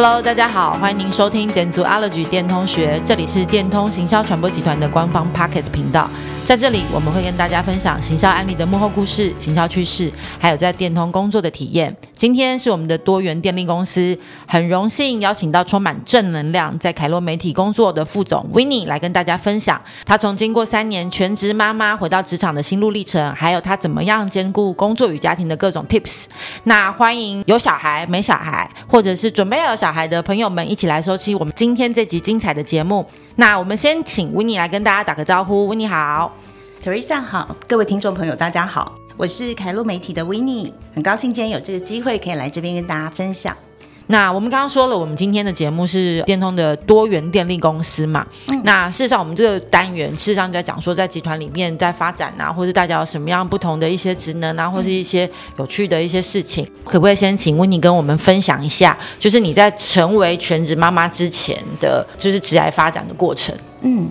Hello，大家好，歡迎您收聽點足阿樂 y 電通學，這裡是電通行銷傳播集團的官方 Pockets 頻道。在這裡，我們會跟大家分享行銷案例的幕後故事、行銷趨勢，還有在電通工作的體驗。今天是我們的多元電力公司，很榮幸邀請到充滿正能量在凱洛媒體工作的副總 Winnie 來跟大家分享她從經過三年全職媽媽回到職場的心路歷程，還有她怎麼樣兼顧工作與家庭的各種 Tips。那歡迎有小孩、沒小孩，或者是準備要有小孩的朋友們一起來收聽我們今天這集精彩的節目。那我們先請 Winnie 來跟大家打個招呼，Winnie 好。瑞薩好，各位聽眾朋友，大家好，我是凱絡媒體的 Winnie，很高興今天有這個機會可以來這邊跟大家分享。那我們剛剛說了，我們今天的節目是電通的多元電力公司嘛？嗯、那事實上，我們這個單元事實上就在講說，在集團裡面在發展啊，或是大家有什麼樣不同的一些職能啊，或是一些有趣的一些事情，嗯、可不可以先請 Winnie 跟我們分享一下，就是你在成為全職媽媽之前的就是職涯發展的過程？嗯。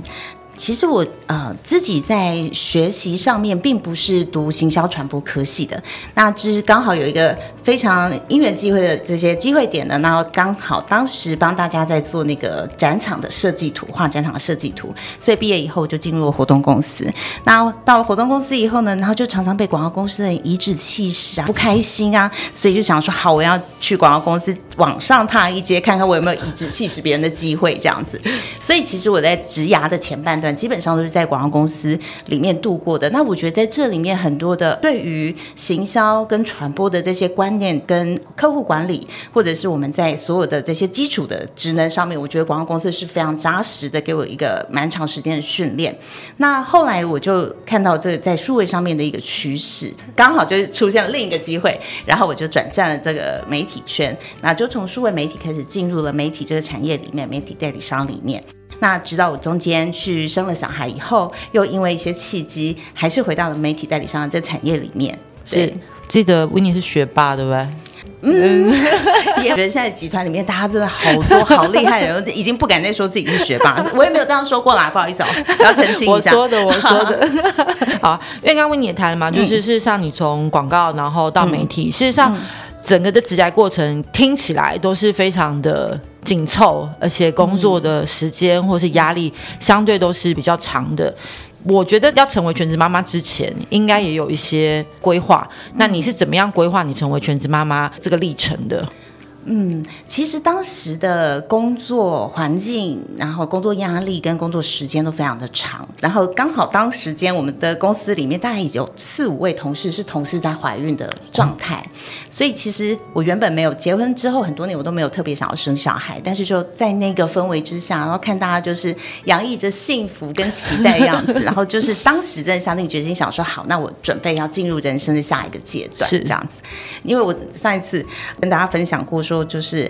其實我呃自己在學習上面並不是讀行銷傳播科系的，那只是剛好有一個非常因緣際會的這些機會點呢。然後剛好當時幫大家在做那個展場的設計圖，畫展場的設計圖，所以畢業以後就進入了活動公司。那到了活動公司以後呢，然後就常常被廣告公司的人頤指氣使啊，不開心啊，所以就想說好，我要去廣告公司。往上踏一階，看看我有沒有一直氣死別人的機會，這樣子。所以其實我在職涯的前半段，基本上都是在廣告公司裡面度過的。那我覺得在這裡面很多的對於行銷跟傳播的這些觀念，跟客戶管理，或者是我們在所有的這些基礎的職能上面，我覺得廣告公司是非常扎實的，給我一個蠻長時間的訓練。那後來我就看到這個在數位上面的一個趨勢，剛好就出現了另一個機會，然後我就轉戰了這個媒體圈，那就。從數位媒體開始進入了媒體這個產業裡面，媒體代理商裡面，那直到我中間去生了小孩以後，又因為一些契機，還是回到了媒體代理商的這個產業裡面。是記得 Winnie 是學霸對不對？嗯， 也覺得現在集團裡面大家真的好多好厲害的人， 已經不敢再說自己是學霸，我也沒有這樣說過啦，不好意思、喔，哦。要澄清一下。我說的，我說的。好,、啊 好啊，因為剛剛 Winnie 也談了嘛、嗯，就是事實上你從廣告然後到媒體，嗯、事實上。嗯整個的職涯過程聽起來都是非常的緊湊，而且工作的時間或是壓力相對都是比較長的。嗯、我覺得要成為全職媽媽之前，應該也有一些規劃。嗯、那你是怎麼樣規劃你成為全職媽媽這個歷程的？嗯，其實當時的工作環境，然後工作壓力跟工作時間都非常的長，然後剛好當時間，我們的公司裡面大概已經有四五位同事是同事在懷孕的狀態，嗯、所以其實我原本沒有結婚之後很多年我都沒有特別想要生小孩，但是就在那個氛圍之下，然後看大家就是洋溢着幸福跟期待的樣子， 然後就是當時在下定決心想說，好，那我準備要進入人生的下一個階段是這樣子，因為我上一次跟大家分享過說。就是。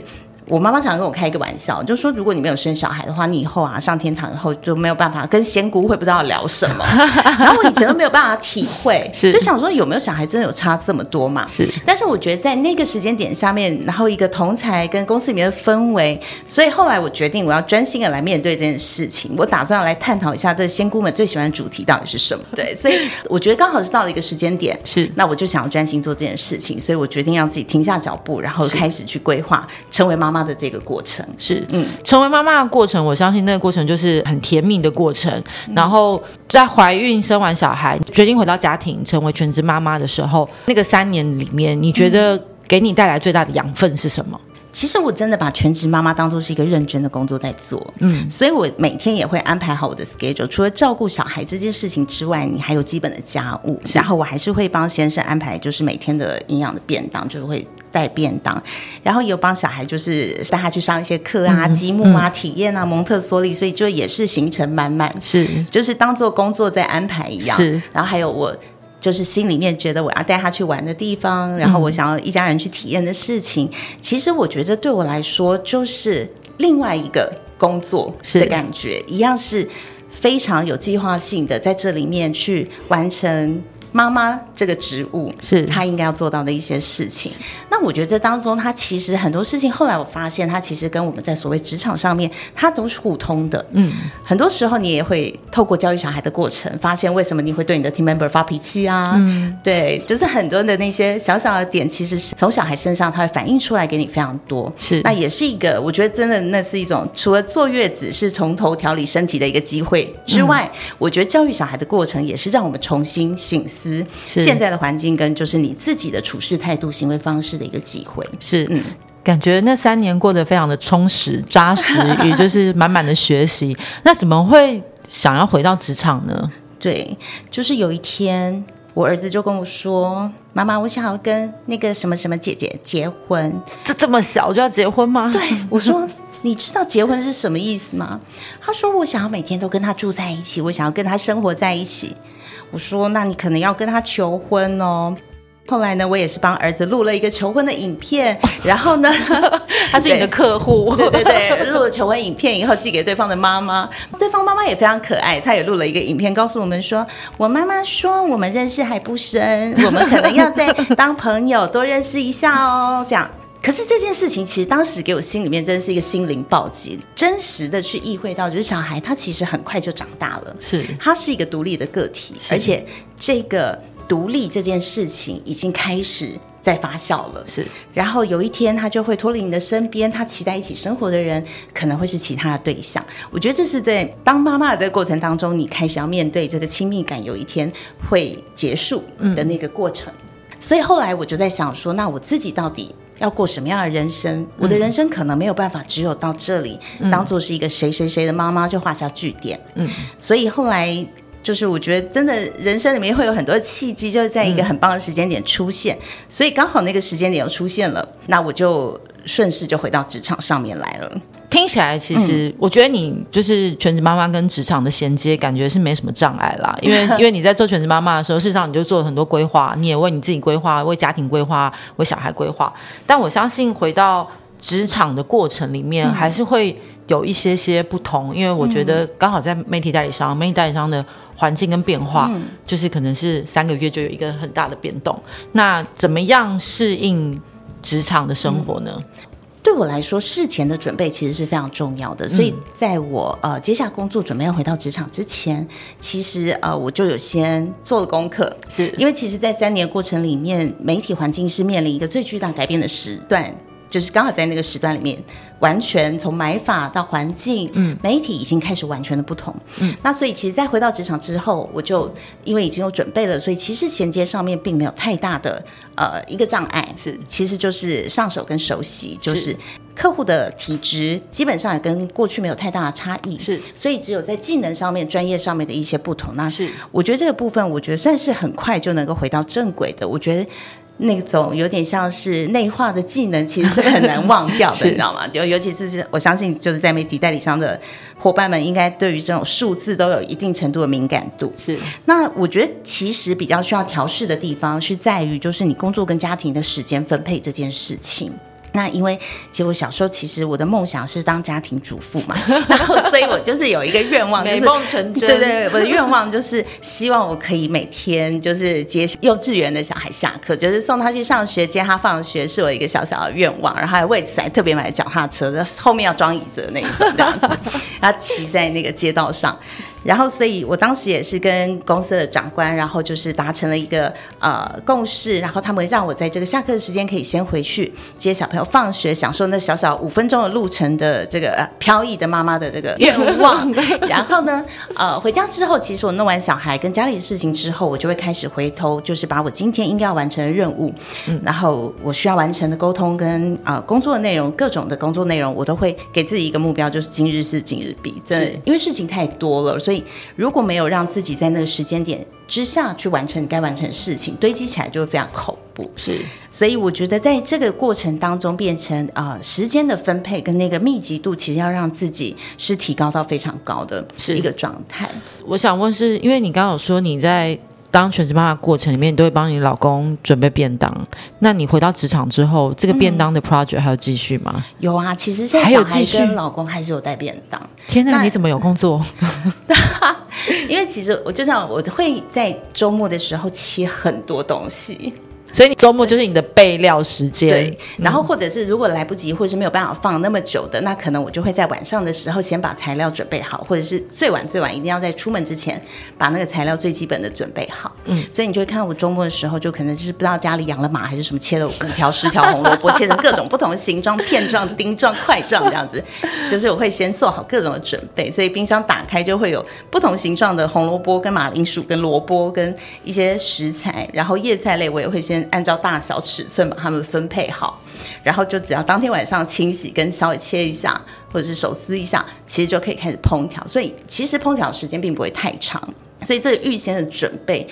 我媽媽常常跟我開一個玩笑，就說如果你沒有生小孩的話，你以後啊上天堂以後就沒有辦法跟仙姑會不知道聊什麼。 然後我以前都沒有辦法體會是，就想說有沒有小孩真的有差這麼多嘛？是。但是我覺得在那個時間點下面，然後一個同才跟公司裡面的氛圍，所以後來我決定我要專心的來面對這件事情。我打算來探討一下這仙姑們最喜歡的主題到底是什麼。對，所以我覺得剛好是到了一個時間點，是。那我就想要專心做這件事情，所以我決定讓自己停下腳步，然後開始去規劃成為媽媽。媽媽的這個過程是，嗯，成為媽媽的過程，我相信那個過程就是很甜蜜的過程，嗯。然後在懷孕、生完小孩、決定回到家庭、成為全職媽媽的時候，那個三年裡面，你覺得給你帶來最大的養分是什麼？嗯其實我真的把全職媽媽當做是一個認真的工作在做，嗯，所以我每天也會安排好我的 schedule。除了照顧小孩這件事情之外，你還有基本的家務，然後我還是會幫先生安排，就是每天的營養的便當，就是會帶便當，然後也有幫小孩就是帶他去上一些課啊，嗯、積木啊、嗯，體驗啊，蒙特梭利，所以就也是行程滿滿，是就是當做工作在安排一樣，是，然後還有我。就是心裡面覺得我要帶他去玩的地方，然後我想要一家人去體驗的事情，嗯，其實我覺得對我來說就是另外一個工作的感覺，一樣是非常有計劃性的，在這裡面去完成。媽媽這個職務是她應該要做到的一些事情。那我覺得這當中，她其實很多事情，後來我發現，她其實跟我們在所謂職場上面，她都是互通的。嗯，很多時候你也會透過教育小孩的過程，發現為什麼你會對你的 team member 發脾氣啊？嗯，對是是，就是很多的那些小小的點，其實是從小孩身上，他會反映出來給你非常多。是，那也是一個，我覺得真的那是一種，除了坐月子是從頭調理身體的一個機會之外，嗯，我覺得教育小孩的過程也是讓我們重新省思。現在的環境跟就是你自己的處事態度、行為方式的一個機會。是，嗯，感覺那三年過得非常的充實、紮實，也 就是滿滿的學習。那怎麼會想要回到職場呢？對，就是有一天我兒子就跟我說：“媽媽，我想要跟那個什麼什麼姐姐結婚。”這，這麼小就要結婚嗎？對，我說：“ 你知道結婚是什麼意思嗎？”他說：“我想要每天都跟她住在一起，我想要跟她生活在一起。”我說：“那你可能要跟他求婚哦。”後來呢，我也是幫兒子錄了一個求婚的影片，然後呢， 他是你的客戶，對不對？對，對，錄了求婚影片以後寄給對方的媽媽。 對方媽媽也非常可愛，她也錄了一個影片，告訴我們說：“我媽媽說我們認識還不深，我們可能要再當朋友多認識一下哦。”講。可是這件事情其實當時給我心裡面真的是一個心靈暴擊，真實的去意會到，就是小孩他其實很快就長大了，是，他是一個獨立的個體，而且這個獨立這件事情已經開始在發酵了，是。然後有一天他就會脫離你的身邊，他期待一起生活的人可能會是其他的對象。我覺得這是在當媽媽的這個過程當中，你開始要面對這個親密感有一天會結束的那個過程。嗯。所以後來我就在想說，那我自己到底，要過什麼樣的人生？我的人生可能沒有辦法，嗯，只有到這裡當做是一個誰誰誰的媽媽就畫下句點。嗯，所以後來就是我覺得真的人生裡面會有很多的契機，就在一個很棒的時間點出現。嗯，所以剛好那個時間點又出現了，那我就順勢就回到職場上面來了。聽起來其實，我覺得你就是全職媽媽跟職場的銜接，感覺是沒什麼障礙啦。因為因為你在做全職媽媽的時候，事實上你就做了很多規劃，你也為你自己規劃，為家庭規劃，為小孩規劃。但我相信，回到職場的過程裡面，還是會有一些些不同。因為我覺得剛好在媒體代理商，媒體代理商的環境跟變化，就是可能是三個月就有一個很大的變動。那怎麼樣適應職場的生活呢？對我來說，事前的準備其實是非常重要的，所以在我呃，接下工作準備要回到職場之前，其實呃，我就有先做了功課，是因為其實，在三年過程裡面，媒體環境是面臨一個最巨大改變的時段。就是剛好在那個時段裡面，完全從買法到環境、嗯、媒體已經開始完全的不同、嗯。那所以其實在回到職場之後，我就因為已經有準備了，所以其實銜接上面並沒有太大的呃一個障礙。是，其實就是上手跟熟悉，就是客戶的體質基本上也跟過去沒有太大的差異。是，所以只有在技能上面、專業上面的一些不同。那是我覺得這個部分，我覺得算是很快就能夠回到正軌的。我覺得。那種有點像是內化的技能，其實是很難忘掉的， 你知道嗎？就尤其是是我相信，就是在媒體代理商的伙伴們，應該對於這種數字都有一定程度的敏感度。是，那我覺得其實比較需要調試的地方是在於，就是你工作跟家庭的時間分配這件事情。那因為，其實我小時候，其實我的夢想是當家庭主婦嘛，然後所以我就是有一個願望，就是 美夢成真對對，對，我的願望就是希望我可以每天就是接幼稚園的小孩下課，就是送他去上學，接他放學，是我一個小小的願望，然後還為此還特別買腳踏車，就是、後面要裝椅子的那個樣子，然後騎在那個街道上。然後，所以我當時也是跟公司的長官，然後就是達成了一個呃共識，然後他們讓我在這個下課的時間可以先回去接小朋友放學，享受那小小五分鐘的路程的這個、呃、飄逸的媽媽的這個願望。 然後呢，呃，回家之後，其實我弄完小孩跟家裡的事情之後，我就會開始回頭，就是把我今天應該要完成的任務、嗯，然後我需要完成的溝通跟呃工作的內容，各種的工作內容，我都會給自己一個目標，就是今日事今日畢。對，因為事情太多了，所以。如果沒有讓自己在那個時間點之下去完成該完成的事情，堆積起來就會非常恐怖。是，所以我覺得在這個過程當中，變成啊、呃，時間的分配跟那個密集度，其實要讓自己是提高到非常高的一個狀態。我想問是，因為你剛好說你在。當全職媽媽過程裡面，你都會幫你老公準備便當。那你回到職場之後，這個便當的 project 還要繼續嗎、嗯？有啊，其實現在還有繼續，跟老公還是有帶便當。天哪，你怎麼有空做？ 因為其實我就像我會在周末的時候切很多東西。所以你周末就是你的備料時間，對、嗯。然後或者是如果來不及，或者是沒有辦法放那麼久的，那可能我就會在晚上的時候先把材料準備好，或者是最晚最晚一定要在出門之前把那個材料最基本的準備好。嗯。所以你就會看到我周末的時候，就可能就是不知道家裡養了馬還是什麼，切了五條、十條紅蘿蔔，切成各種不同形狀、 片狀、丁狀、塊狀這樣子。就是我會先做好各種的準備，所以冰箱打開就會有不同形狀的紅蘿蔔、跟馬鈴薯、跟蘿蔔、跟一些食材，然後葉菜類我也會先。按照大小尺寸把它們分配好，然後就只要當天晚上清洗，跟稍微切一下，或者是手撕一下，其實就可以開始烹調。所以其實烹調時間並不會太長，所以這預先的準備，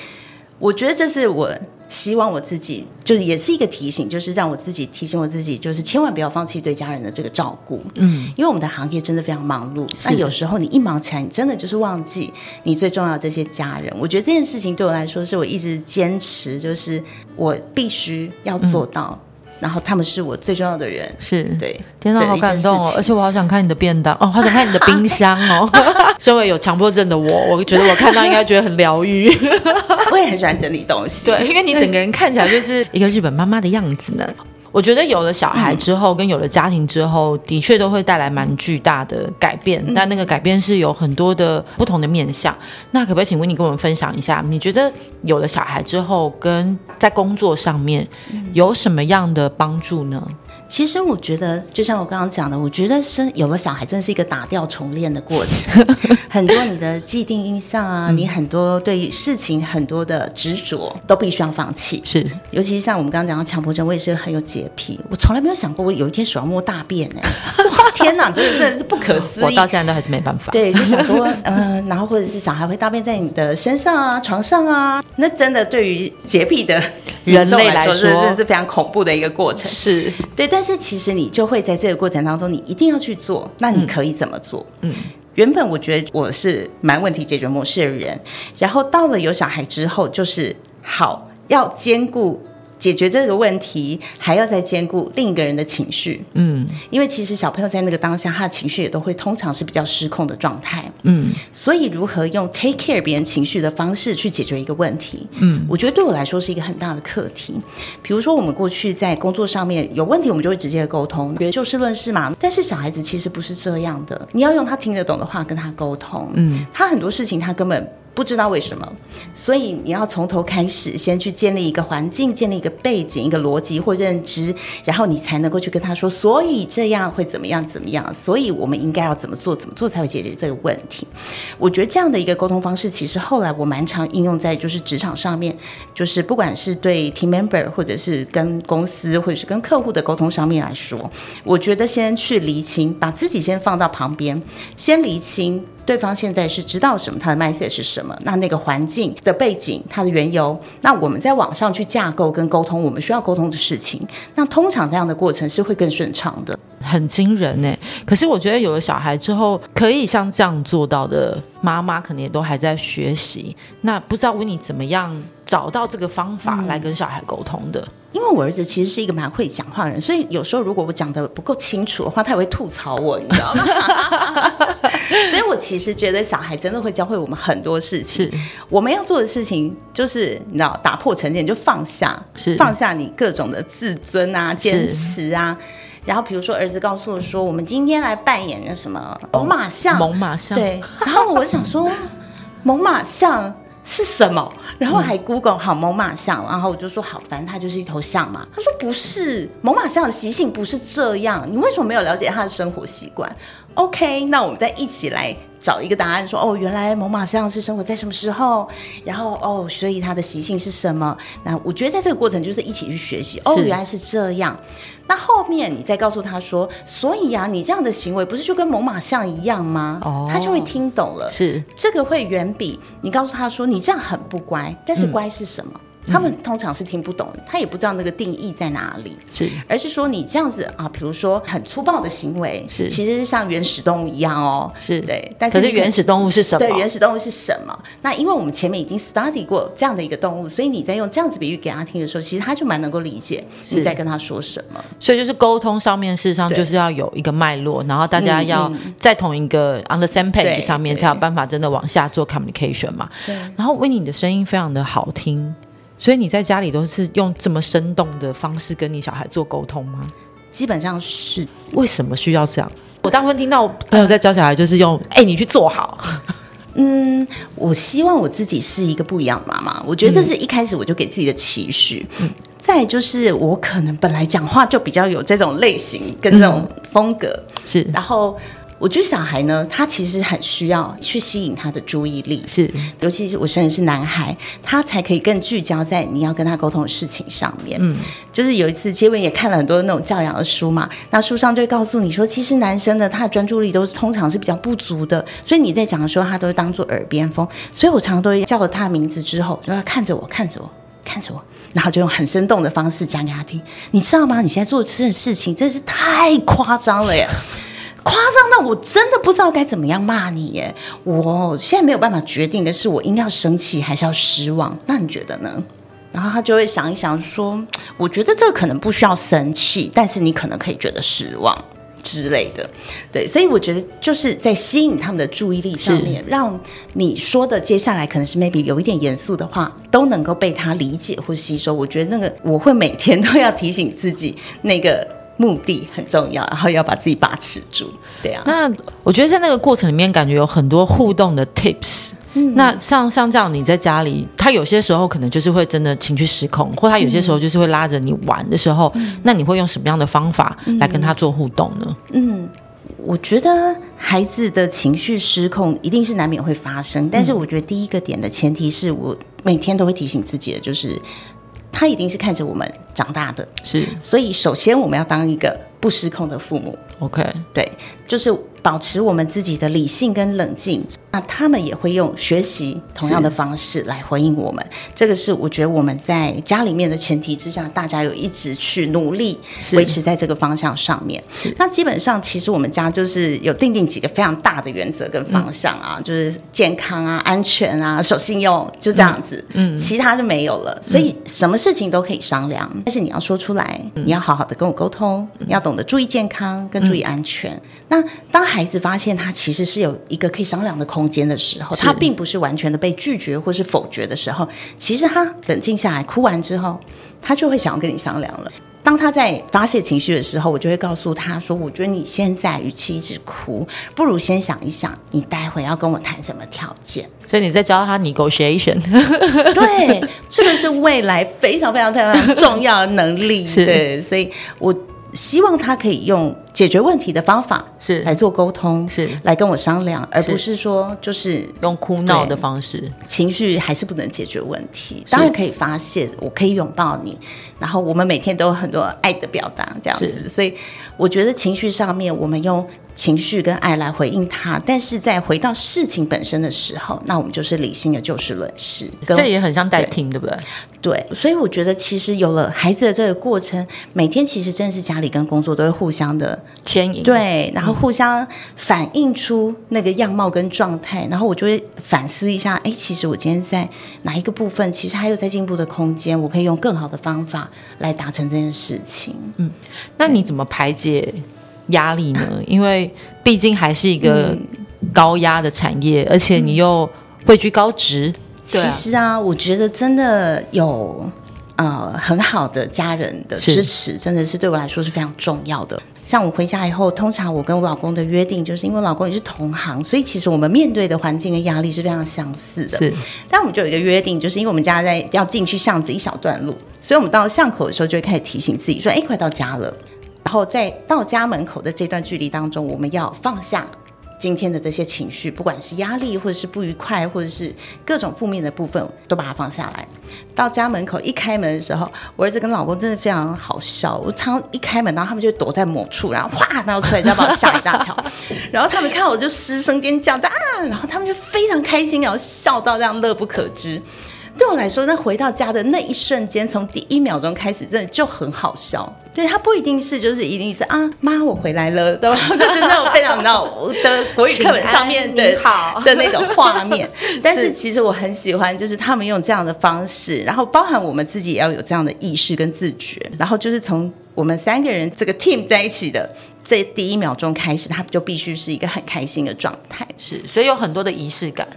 我覺得這是我。希望我自己就是也是一個提醒，就是讓我自己提醒我自己，就是千萬不要放棄對家人的這個照顧。嗯，因為我們的行業真的非常忙碌，那有時候你一忙起來，你真的就是忘記你最重要的這些家人。我覺得這件事情對我來說，是我一直堅持，就是我必須要做到。嗯。然後他們是我最重要的人，是對，天哪，好感動哦！而且我好想看你的便當哦，好想看你的冰箱哦。 Okay . 身為有強迫症的我，我覺得我看到應該覺得很療癒。 我也很喜歡整理東西，對，因為你整個人看起來就是 一個日本媽媽的樣子呢。我覺得有了小孩之後、嗯，跟有了家庭之後，的確都會帶來蠻巨大的改變，嗯、但那個改變是有很多的不同的面向。那可不可以請問你跟我們分享一下，你覺得有了小孩之後，跟在工作上面？有什麼樣的幫助呢？其實我覺得，就像我剛剛講的，我覺得生有了小孩，真的是一個打掉重練的過程。 很多你的既定印象啊， 你很多對於事情很多的執着， 都必須要放棄。是，尤其是像我們剛剛講到強迫症，我也是很有潔癖，我從來沒有想過我有一天手要摸大便哎、欸。 天哪，這真，真的是不可思議！我到現在都還是沒辦法。對，就想說，嗯、呃，然後或者是小孩會大便在你的身上啊、床上啊，那真的對於潔癖的人類來說，真，是，真是非常恐怖的一個過程。是，對。但是其實你就會在這個過程當中，你一定要去做。那你可以怎麼做？嗯，原本我覺得我是蠻問題解決模式的人，然後到了有小孩之後，就是好要兼顧。解決這個問題，還要再兼顧另一個人的情緒，嗯，因為其實小朋友在那個當下，他的情緒也都會通常是比較失控的狀態，嗯，所以如何用 take care 別人情緒的方式去解決一個問題，嗯，我覺得對我來說是一個很大的課題。比如說我們過去在工作上面有問題，我們就會直接溝通，覺得就事論事嘛。但是小孩子其實不是這樣的，你要用他聽得懂的話跟他溝通，嗯，他很多事情他根本。不知道為什麼，所以你要從頭開始，先去建立一個環境，建立一個背景、一個邏輯或認知，然後你才能夠去跟他說。所以這樣會怎麼樣？怎麼樣？所以我們應該要怎麼做？怎麼做才會解決這個問題？我覺得這樣的一個溝通方式，其實後來我蠻常應用在就是職場上面，就是不管是對 team member 或者是跟公司或者是跟客戶的溝通上面來說，我覺得先去釐清，把自己先放到旁邊，先釐清。對方現在是知道什麼，他的 mindset 是什麼，那那個環境的背景，他的緣由，那我們在網上去架構跟溝通，我們需要溝通的事情，那通常這樣的過程是會更順暢的。很驚人誒、欸，可是我覺得有了小孩之後，可以像這樣做到的媽媽，可能也都還在學習。那不知道 Winnie 怎麼樣找到這個方法來跟小孩溝通的？嗯因為我兒子其實是一個蠻會講話的人，所以有時候如果我講得不夠清楚的話，他也會吐槽我，你知道嗎？ 所以我其實覺得小孩真的會教會我們很多事情。我們要做的事情就是，你知道，打破成見就放下是，放下你各種的自尊啊、堅持啊。然後比如說兒子告訴我說，我們今天來扮演那什麼猛犸象，猛犸象。對。然後我想說，猛犸象是什麼？然後還 Google 好猛獁象，然後我就說好煩，它就是一頭象嘛。他說不是，猛獁象的習性不是這樣，你為什麼沒有了解它的生活習慣？OK，那我們再一起來找一個答案，說哦，原來猛犸象是生活在什麼時候？然後哦，所以它的習性是什麼？那我覺得在這個過程就是一起去學習。哦，原來是這樣。那後面你再告訴他說，所以呀、啊，你這樣的行為不是就跟猛犸象一樣嗎？哦、oh,，他就會聽懂了。是，這個會遠比你告訴他說，你這樣很不乖，但是乖是什麼？嗯嗯、他們通常是聽不懂，他也不知道那個定義在哪裡，是，而是說你這樣子啊，比如說很粗暴的行為，是，其實是像原始動物一樣哦，是對，但是、那個、可是原始動物是什麼？對，原始動物是什麼？那因為我們前面已經 study 過這樣的一個動物，所以你在用這樣子比喻給他聽的時候，其實他就蠻能夠理解你在跟他說什麼。所以就是溝通上面，事實上就是要有一個脈絡，然後大家要在同一個 on the same page 上面，才有辦法真的往下做 communication 嘛。對。然後 Winnie，你的聲音非常的好聽。所以你在家裡都是用這麼生動的方式跟你小孩做溝通嗎？基本上是。為什麼需要這樣？我大部分聽到朋友在教小孩，就是用“哎、呃欸，你去做好。”嗯，我希望我自己是一個不一樣的媽媽。我覺得這是一開始我就給自己的期許、嗯。再就是我可能本來講話就比較有這種類型跟這種風格，嗯、是。然後。我覺得小孩呢，他其實很需要去吸引他的注意力，是，尤其是我生的是男孩，他才可以更聚焦在你要跟他溝通的事情上面。嗯，就是有一次，杰文也看了很多那種教養的書嘛，那書上就會告訴你說，其實男生的他的專注力都是通常是比較不足的，所以你在講的時候，他都會當作耳邊風。所以我常常都會叫了他的名字之後，就他看着我，看着我，看着我，然後就用很生動的方式講給他聽。你知道嗎？你現在做這件事情真是太誇張了呀！ 誇張到我真的不知道該怎麼樣罵你耶！我現在沒有辦法決定的是，我應該要生氣還是要失望？那你覺得呢？然後他就會想一想，說：“我覺得這個可能不需要生氣，但是你可能可以覺得失望之類的。”對，所以我覺得就是在吸引他們的注意力上面，讓你說的接下來可能是 maybe 有一點嚴肅的話，都能夠被他理解或吸收。我覺得那個我會每天都要提醒自己那個。目的很重要，然後要把自己把持住。對啊，那我覺得在那個過程裡面，感覺有很多互動的 tips。嗯，那像像這樣，你在家裡，他有些時候可能就是會真的情緒失控，或他有些時候就是會拉着你玩的時候，嗯，那你會用什麼樣的方法來跟他做互動呢？嗯，我覺得孩子的情緒失控一定是難免會發生，但是我覺得第一個點的前提是我每天都會提醒自己的，就是。他一定是看着我們長大的，是，所以首先我們要當一個不失控的父母。OK，對，就是。保持我們自己的理性跟冷靜，那他們也會用學習同樣的方式來回應我們。這個是我覺得我們在家裡面的前提之下，大家有一直去努力維持在這個方向上面。那基本上，其實我們家就是有定定幾個非常大的原則跟方向啊、嗯，就是健康啊、安全啊、守信用，就這樣子。嗯，其他就沒有了。所以什麼事情都可以商量，嗯、但是你要說出來，你要好好的跟我溝通，嗯、你要懂得注意健康跟注意安全。嗯、那當孩子發現他其實是有一個可以商量的空間的時候，他並不是完全的被拒絕或是否決的時候，其實他冷靜下來哭完之後，他就會想要跟你商量了。當他在發洩情緒的時候，我就會告訴他說：“我覺得你現在與其一直哭，不如先想一想，你待會要跟我談什麼條件。”所以你在教他 negotiation， 對，這個是未來非常非常非常重要的能力。 是對，所以我希望他可以用。解決問題的方法是來做溝通，是來跟我商量，而不是說就是，是用哭鬧的方式，情緒還是不能解決問題。當然可以發洩，我可以擁抱你，然後我們每天都有很多愛的表達這樣子是。所以我覺得情緒上面，我們用。情緒跟愛來回應他，但是在回到事情本身的時候，那我們就是理性的就事論事。這也很像代聽，對不對？對，所以我覺得其實有了孩子的這個過程，每天其實真的是家裡跟工作都會互相的牽引，對，然後互相反映出那個樣貌跟狀態，然後我就會反思一下，哎，其實我今天在哪一個部分，其實還有在進步的空間，我可以用更好的方法來達成這件事情。嗯，那你怎麼排解？壓力呢？因為畢竟還是一個高壓的產業，嗯、而且你又位居高職、對啊。其實啊，我覺得真的有呃很好的家人的支持，真的是對我來說是非常重要的。像我回家以後，通常我跟我老公的約定就是因為我老公也是同行，所以其實我們面對的環境跟壓力是非常相似的。是，但我們就有一個約定，就是因為我們家在要進去巷子一小段路，所以我們到巷口的時候就會開始提醒自己說：“誒，快到家了。”然後在到家門口的這段距離當中，我們要放下今天的這些情緒，不管是壓力，或者是不愉快，或者是各種負面的部分，都把它放下來。到家門口一開門的時候，我兒子跟老公真的非常好笑。我剛一開門，然後他們就躲在某處，然後嘩，然後出來，然後把我嚇一大跳。 然後他們看我就失聲尖叫在啊，然後他們就非常開心，然後笑到這樣樂不可支。對我來說，那回到家的那一瞬間，從第一秒鐘開始，真的就很好笑。對他不一定是，就是一定是啊，媽，我回來了，對吧？ 就那真的非常老的國語課本上面的 的、的那種畫面。但是其實我很喜歡，就是他們用這樣的方式，然後包含我們自己也要有這樣的意識跟自覺。然後就是從我們三個人這個 team 在一起的這第一秒鐘開始，他就必須是一個很開心的狀態。是，所以有很多的儀式感。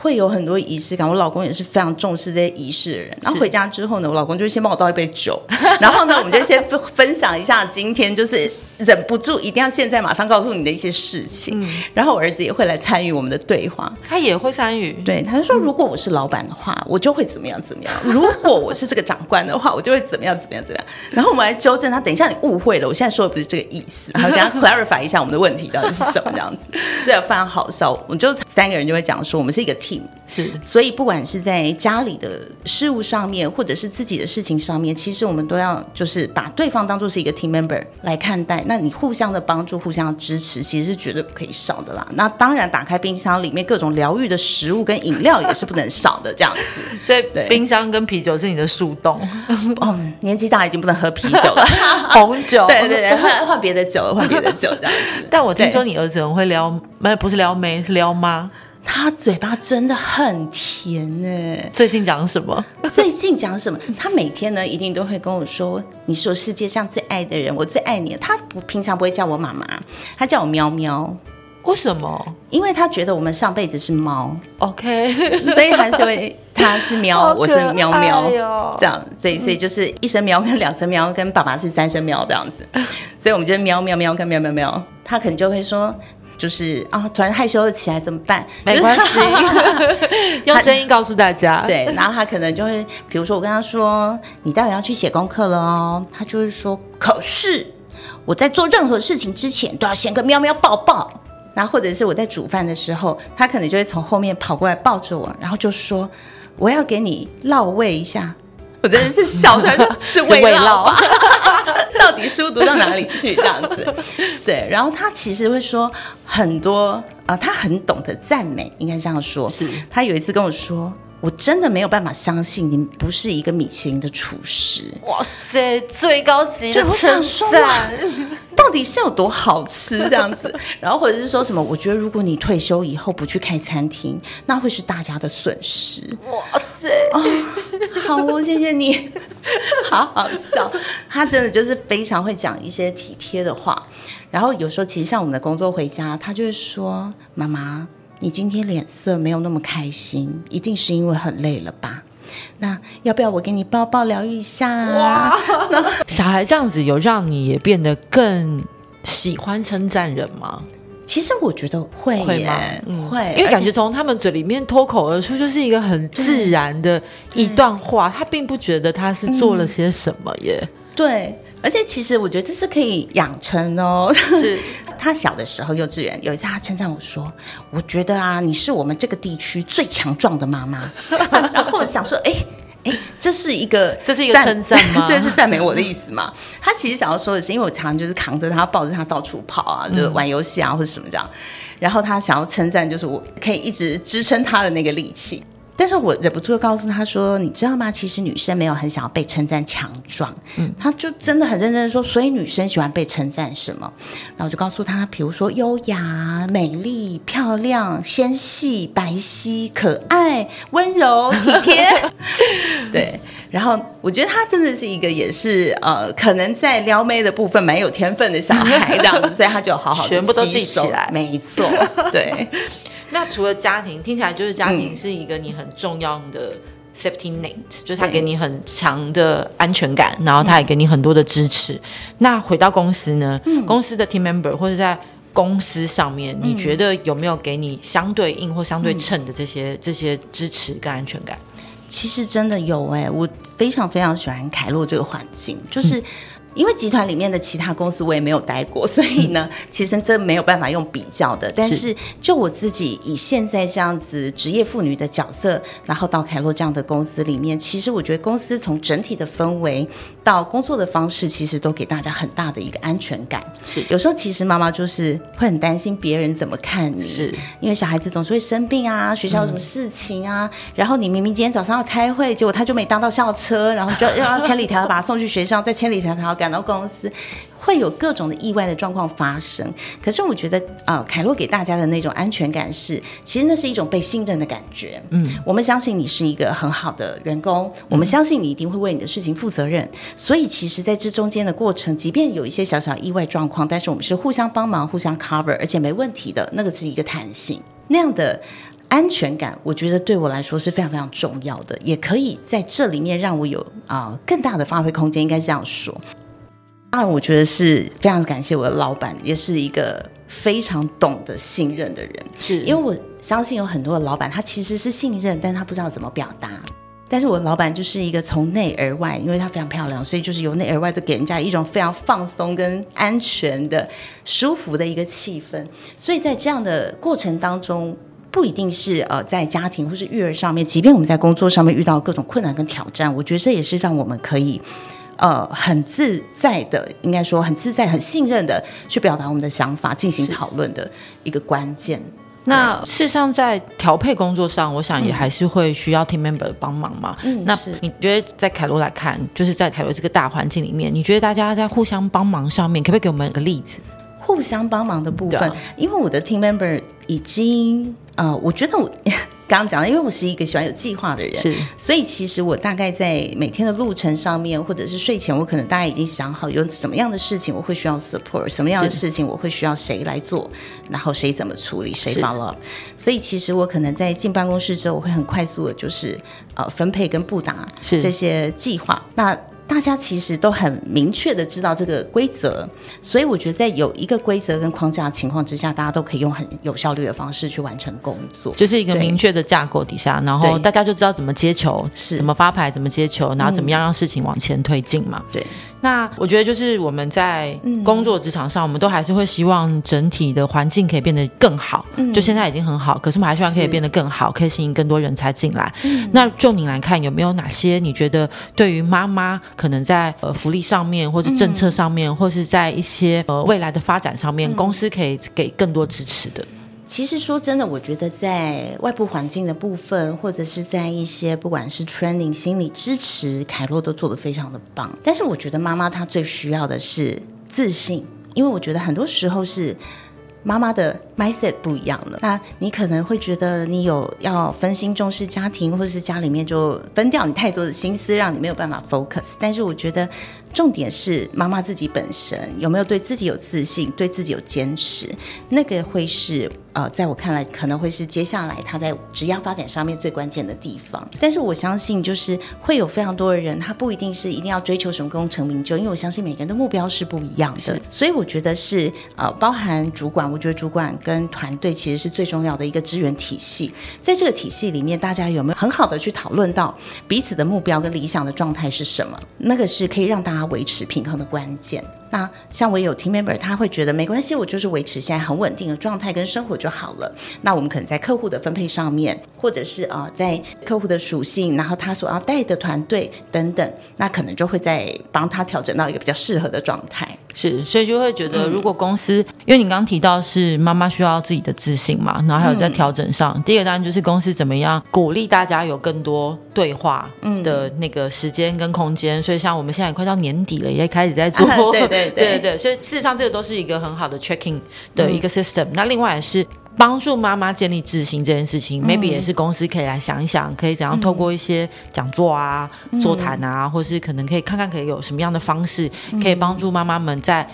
會有很多儀式感，我老公也是非常重視這些儀式的人。然後回家之後呢，我老公就先幫我倒一杯酒，然後呢， 我們就先分分享一下今天就是。忍不住一定要現在馬上告訴你的一些事情、嗯，然後我兒子也會來參與我們的對話，他也會參與。對，他就說如果我是老闆的話，嗯、我就會怎麼樣怎麼樣； 如果我是這個長官的話，我就會怎麼樣怎麼樣怎麼樣。然後我們來糾正他， 等一下你誤會了，我現在說的不是這個意思。然後跟他 clarify 一下我們的問題到底是什麼 這樣子，這樣非常好笑。我們就三個人就會講說，我們是一個 team，是，所以不管是在家裡的事務上面，或者是自己的事情上面，其實我們都要就是把對方當作是一個 team member 來看待。那你互相的幫助、互相支持，其實是絕對不可以少的啦。那當然，打開冰箱裡面各種療癒的食物跟飲料也是不能少的 這樣子。所以冰箱跟啤酒是你的樹洞。嗯、 哦、年紀大已經不能喝啤酒了， 紅酒。對 對對，換換別的酒，換別的酒這樣子。 但我聽說你兒子很會撩，不是撩妹，是撩媽。他嘴巴真的很甜哎，欸！最近講什麼？ 最近講什麼？他每天呢一定都會跟我說：“你是我世界上最愛的人，我最愛你。”他不平常不會叫我媽媽，他叫我喵喵。為什麼？因為他覺得我們上輩子是貓，OK？ 所以他就會他是喵，我是喵喵，okay. 這樣，所以所以就是一聲喵跟兩聲喵跟爸爸是三聲喵這樣子，嗯，所以我們就喵喵喵跟喵喵喵。他可能就會說。就是啊，突然害羞了起來，怎麼辦？沒關係， 用聲音告訴大家。對，然後他可能就會，比如說我跟他說：“你待會要去寫功課了哦。”他就是說：“可是我在做任何事情之前都要先跟喵喵抱抱。”那或者是我在煮飯的時候，他可能就會從後面跑過來抱着我，然後就說：“我要給你勞慰一下。”我真的是笑出來，是慰勞。 到底書讀到哪裡去？這樣子，對。然後他其實會說很多，啊、呃。他很懂得讚美，應該這樣說是。他有一次跟我說：“我真的沒有辦法相信你不是一個米其林的廚師。”哇塞，最高級的稱讚！到底是有多好吃？這樣子。然後或者是說什麼？我覺得如果你退休以後不去開餐廳，那會是大家的損失。哇塞，oh, 好哦，謝謝你。好好笑，他真的就是非常會講一些體貼的話。然後有時候其實像我們的工作回家，他就會說：“媽媽，你今天臉色沒有那麼開心，一定是因為很累了吧？那要不要我給你抱抱，療癒一下啊？”哇，小孩這樣子有讓你也變得更喜歡稱讚人嗎？其實我覺得會耶，會、嗯，因為感覺從他們嘴裡面脫口而出就是一個很自然的一段話，嗯、他並不覺得他是做了些什麼耶、嗯。對，而且其實我覺得這是可以養成哦。就是他小的時候幼稚園有一次他稱讚我說：“我覺得啊，你是我們這個地區最強壯的媽媽。 ”然後我想說，哎、欸。這是一個，這是一個稱讚，這是讚美我的意思嘛。他其實想要說的是，因為我常常就是扛着他，抱着他到處跑啊，就玩遊戲啊、嗯、或者什麼這樣，然後他想要稱讚，就是我可以一直支撐他的那個力氣。但是我忍不住告訴他說：“你知道嗎？其實女生沒有很想要被稱讚強壯。”嗯，他就真的很認真的說：“所以女生喜歡被稱讚什麼？”那我就告訴他，比如說優雅、美麗、漂亮、纖細、白皙、可愛、溫柔、體貼。 對。然後我覺得他真的是一個，也是呃，可能在撩妹的部分蠻有天分的小孩，這樣子，所以他就好好全部都記起來。沒錯，對。 那除了家庭，聽起來就是家庭是一個你很重要的 safety net，嗯、就是他給你很強的安全感，然後他也給你很多的支持。嗯、那回到公司呢？嗯、公司的 team member 或是在公司上面、嗯，你覺得有沒有給你相對應或相對稱的這些、嗯、這些支持跟安全感？其實真的有哎、欸，我非常非常喜歡凱絡這個環境，就是。嗯因為集團裡面的其他公司我也沒有待過，所以呢，嗯、其實這沒有辦法用比較的。但是就我自己以現在這樣子職業婦女的角色，然後到凱絡這樣的公司裡面，其實我覺得公司從整體的氛圍，到工作的方式，其實都給大家很大的一個安全感。是，有時候其實媽媽就是會很擔心別人怎麼看你，是因為小孩子總是會生病啊，學校有什麼事情啊、嗯，然後你明明今天早上要開會，結果他就沒搭到校車，然後就要千里迢迢把他送去學校，再 千里迢迢趕到公司。會有各種的意外的狀況發生，可是我覺得啊、呃，凱絡給大家的那種安全感是，其實那是一種被信任的感覺。嗯，我們相信你是一個很好的員工，我們相信你一定會為你的事情負責任。嗯、所以，其實在這中間的過程，即便有一些小小意外狀況，但是我們是互相幫忙、互相 cover，而且沒問題的。那個是一個彈性那樣的安全感，我覺得對我來說是非常非常重要的，也可以在這裡面讓我有啊、呃、更大的發揮空間，應該這樣說。那我覺得是非常感謝我的老闆，也是一個非常懂得信任的人。是因為我相信有很多的老闆，他其實是信任，但是他不知道怎麼表達。但是我的老闆就是一個從內而外，因為她非常漂亮，所以就是由內而外都給人家一種非常放鬆跟安全的、舒服的一個氣氛。所以在這樣的過程當中，不一定是呃在家庭或是育兒上面，即便我們在工作上面遇到各種困難跟挑戰，我覺得這也是讓我們可以。呃，很自在的，應該說很自在、很信任的去表達我們的想法，進行討論的一個關鍵。那事實上，在調配工作上，我想也還是會需要 team member 幫忙嘛。嗯，那你覺得在凱絡來看，就是在凱絡這個大環境裡面，你覺得大家在互相幫忙上面，可不可以給我們一個例子？互相幫忙的部分、啊，因為我的 team member 已經。呃，我覺得我剛剛講了，因為我是一個喜歡有計劃的人，是，所以其實我大概在每天的路程上面，或者是睡前，我可能大概已經想好有什麼樣的事情我會需要 support，什麼樣的事情我會需要誰來做，然後誰怎麼處理，誰 follow up，所以其實我可能在進辦公室之後，我會很快速的，就是呃分配跟布達這些計劃。那大家其實都很明確的知道這個規則，所以我覺得在有一個規則跟框架的情況之下，大家都可以用很有效率的方式去完成工作，就是一個明確的架構底下，然後大家就知道怎麼接球，是怎麼發牌，怎麼接球，然後怎麼樣讓事情往前推進嘛。嗯，對。那我覺得，就是我們在工作職場上、嗯，我們都還是會希望整體的環境可以變得更好、嗯。就現在已經很好，可是我們還希望可以變得更好，可以吸引更多人才進來、嗯。那就你來看，有沒有哪些你覺得對於媽媽可能在呃福利上面，或是政策上面，嗯、或是在一些呃未來的發展上面、嗯，公司可以給更多支持的？其實說真的，我覺得在外部環境的部分，或者是在一些不管是 training 心理支持，凱絡都做得非常的棒。但是我覺得媽媽她最需要的是自信，因為我覺得很多時候是媽媽的 mindset 不一樣了。那你可能會覺得你有要分心重視家庭，或者是家裡面就分掉你太多的心思，讓你沒有辦法 focus。但是我覺得重點是媽媽自己本身有沒有對自己有自信，對自己有堅持，那個會是。呃，在我看來，可能會是接下來他在職業發展上面最關鍵的地方。但是我相信，就是會有非常多的人，他不一定是一定要追求什麼功成名就，因為我相信每個人的目標是不一樣的。所以我覺得是呃，包含主管，我覺得主管跟團隊其實是最重要的一個支援體系。在這個體系裡面，大家有沒有很好的去討論到彼此的目標跟理想的狀態是什麼？那個是可以讓大家維持平衡的關鍵。那像我有 team member，他會覺得沒關係，我就是維持現在很穩定的狀態跟生活狀。就好了，那我們可能在客戶的分配上面，或者是啊、呃，在客戶的屬性，然後他所要帶的團隊等等，那可能就會在幫他調整到一個比較適合的狀態。是，所以就會覺得，如果公司、嗯，因為你剛提到是媽媽需要自己的自信嘛，然後還有在調整上，嗯、第一個當然就是公司怎麼樣鼓勵大家有更多對話的那個時間跟空間。嗯、所以像我們現在快到年底了，也開始在做，啊、對對對對對。所以事實上，這個都是一個很好的 checking 的一個 system、嗯。那另外也是。幫助媽媽建立自信這件事情、嗯、maybe 也是公司可以來想一想，可以怎樣透過一些講座啊、嗯、座談啊，或是可能可以看看可以有什麼樣的方式，嗯、可以幫助媽媽們在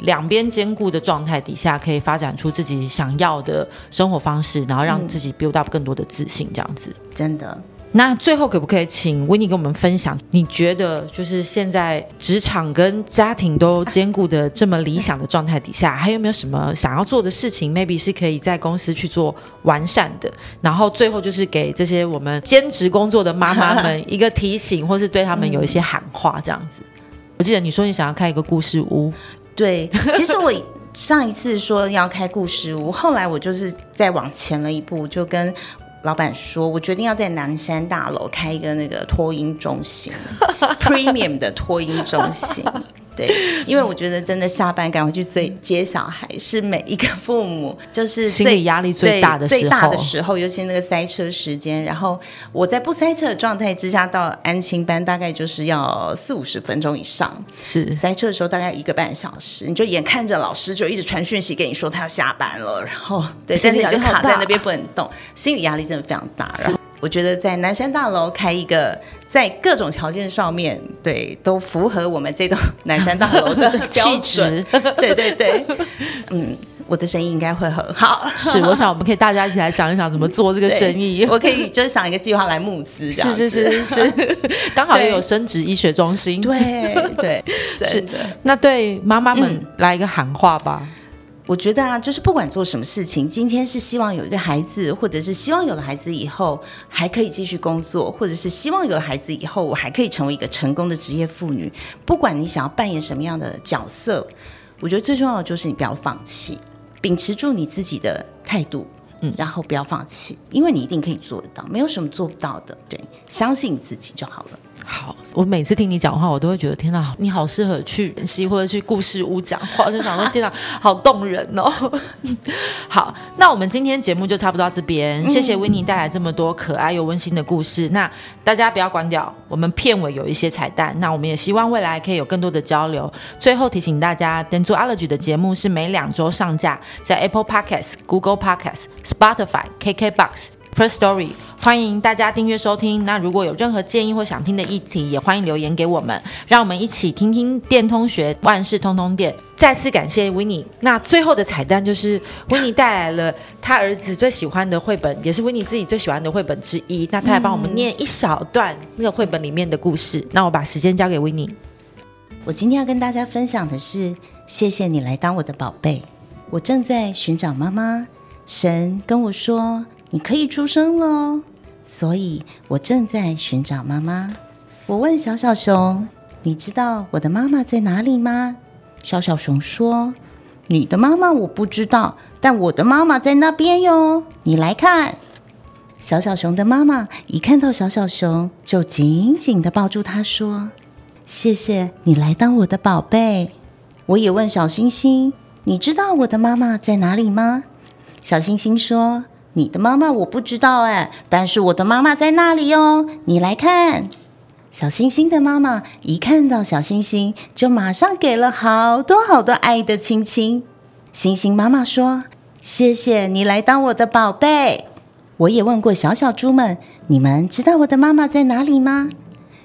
兩邊兼顧的狀態底下，可以發展出自己想要的生活方式，然後讓自己 build up 更多的自信，這樣子。真的。那最後可不可以請 Winnie 跟我們分享？你覺得就是現在職場跟家庭都兼顧的這麼理想的狀態底下，還有沒有什麼想要做的事情？Maybe 是可以在公司去做完善的。然後最後就是給這些我們兼職工作的媽媽們一個提醒，或是對他們有一些喊話這樣子、嗯。我記得你說你想要開一個故事屋。對，其實我上一次說要開故事屋，後來我就是再往前了一步，就跟。老板說：“我決定要在南山大樓開一個那個托嬰中心 ，premium 的托嬰中心。”對，因為我覺得真的下班趕回去接接小孩，是每一個父母就是心理壓力最大的時最大的時候，尤其那個塞車時間。然後我在不塞車的狀態之下到安親班，大概就是要四五十分鐘以上；是塞車的時候大概一個半小時，你就眼看着老師就一直傳訊息給你說他要下班了，然後對，但是你就卡在那邊不能動，心理壓力好大啊，心理壓力真的非常大。然後我覺得在南山大樓開一個，在各種條件上面對都符合我們這棟南山大樓的標準 氣質。對對對，嗯，我的生意應該會很好。是，我想我們可以大家一起來想一想怎麼做這個生意。 我可以就想一個計劃來募資。這樣是是是是是，剛好也有生殖醫學中心。 對對的，是。那對媽媽們來一個喊話吧。嗯我覺得啊，就是不管做什麼事情，今天是希望有一個孩子，或者是希望有了孩子以後還可以繼續工作，或者是希望有了孩子以後我還可以成為一個成功的職業婦女。不管你想要扮演什麼樣的角色，我覺得最重要的就是你不要放棄，秉持住你自己的態度，嗯，然後不要放棄，因為你一定可以做得到，沒有什麼做不到的。對，相信自己就好了。好，我每次聽你講話，我都會覺得天哪，你好適合去演戲或者去故事屋講話，就想說天哪， 好動人哦。 好，那我們今天節目就差不多到這邊，嗯、謝謝 Winnie 帶來這麼多可愛又溫馨的故事。那大家不要關掉，我們片尾有一些彩蛋。那我們也希望未來可以有更多的交流。最後提醒大家，天竺阿樂居的節目是每兩周上架在 Apple Podcasts、Google Podcasts、Spotify、KKBox。First Story，歡迎大家訂閱收聽。那如果有任何建議或想聽的議題，也歡迎留言給我們，讓我們一起聽聽電通學萬事通通電。再次感謝 Winnie。那最後的彩蛋就是 Winnie 帶來了他兒子最喜歡的繪本，也是 Winnie 自己最喜歡的繪本之一。那他還幫我們念一小段那個繪本裡面的故事。那我把時間交給 Winnie。我今天要跟大家分享的是，謝謝你來當我的寶貝。我正在尋找媽媽，神跟我說，你可以出生了哦，所以我正在尋找媽媽。我問小小熊：“你知道我的媽媽在哪裡嗎？”小小熊說：“你的媽媽我不知道，但我的媽媽在那邊喲，你來看。”小小熊的媽媽一看到小小熊，就緊緊的抱住它，說：“謝謝你來當我的寶貝。”我也問小星星：“你知道我的媽媽在哪裡嗎？”小星星說。你的媽媽我不知道哎，但是我的媽媽在那裡哦。你來看。小星星的媽媽一看到小星星，就馬上給了好多好多愛的親親。星星媽媽說：“謝謝你來當我的寶貝。”我也問過小小豬們：“你們知道我的媽媽在哪裡嗎？”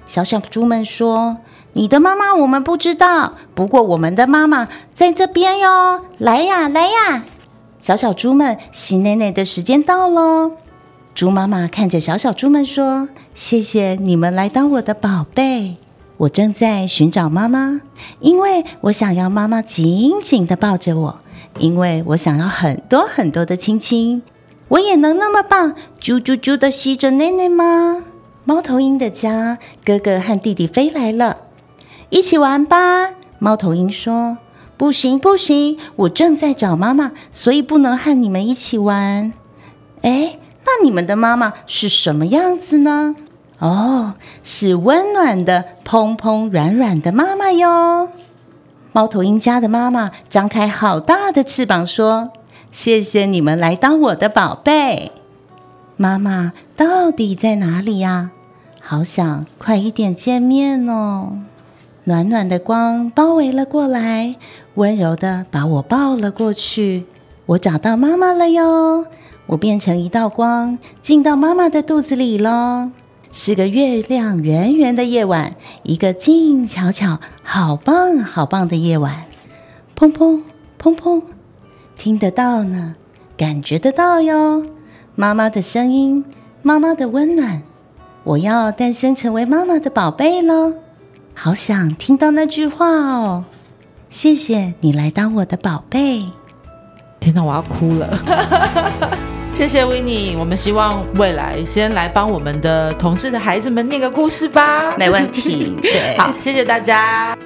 小小豬們說：“你的媽媽我們不知道，不過我們的媽媽在這邊喲。來呀，來呀。”小小豬們吸奶奶的時間到咯。豬媽媽看着小小豬們說：“謝謝你們來當我的寶貝，我正在尋找媽媽，因為我想要媽媽緊緊地抱着我，因為我想要很多很多的親親。我也能那麼棒，豬豬豬地吸着奶奶嗎？”貓頭鷹的家，哥哥和弟弟飛來了，一起玩吧！貓頭鷹說。不行不行，我正在找媽媽，所以不能和你們一起玩。哎，那你們的媽媽是什麼樣子呢？哦，是溫暖的、蓬蓬軟軟的媽媽喲。貓頭鷹家的媽媽張開好大的翅膀說：“謝謝你們來當我的寶貝。”媽媽到底在哪裡呀？好想快一點見面哦。暖暖的光包圍了過來，溫柔地把我抱了過去。我找到媽媽了喲！我變成一道光，進到媽媽的肚子裡嘍。是個月亮圓圓的夜晚，一個靜悄悄、好棒好棒的夜晚。砰砰砰砰，聽得到呢，感覺得到喲！媽媽的聲音，媽媽的溫暖，我要誕生成為媽媽的寶貝嘍。好想聽到那句話哦！謝謝你來當我的寶貝。天哪，我要哭了！ 謝謝 Winnie，我們希望未來先來幫我們的同事的孩子們念個故事吧。沒問題，對，好， 謝謝大家。